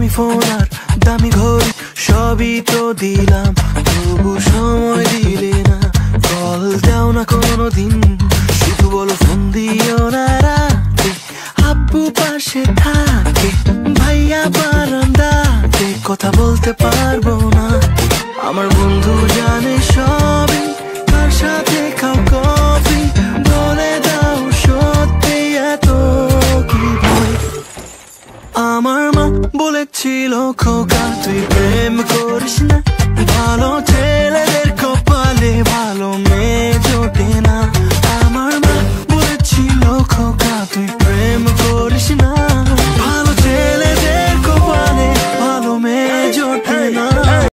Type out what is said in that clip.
দামি ফোন আর দামি ঘড়ি সবই তো দিলাম তবু সময় দিলে না কল দাও না কোনো দিন শুধু বলো ফোন দিও না রাতে আব্বু পাশে থাকে ভাইয়া বারান্দাতে কথা বলতে পারবো না আমার বন্ধু জানে সব আমার মা বলেছিল খোকা তুই প্রেম করিস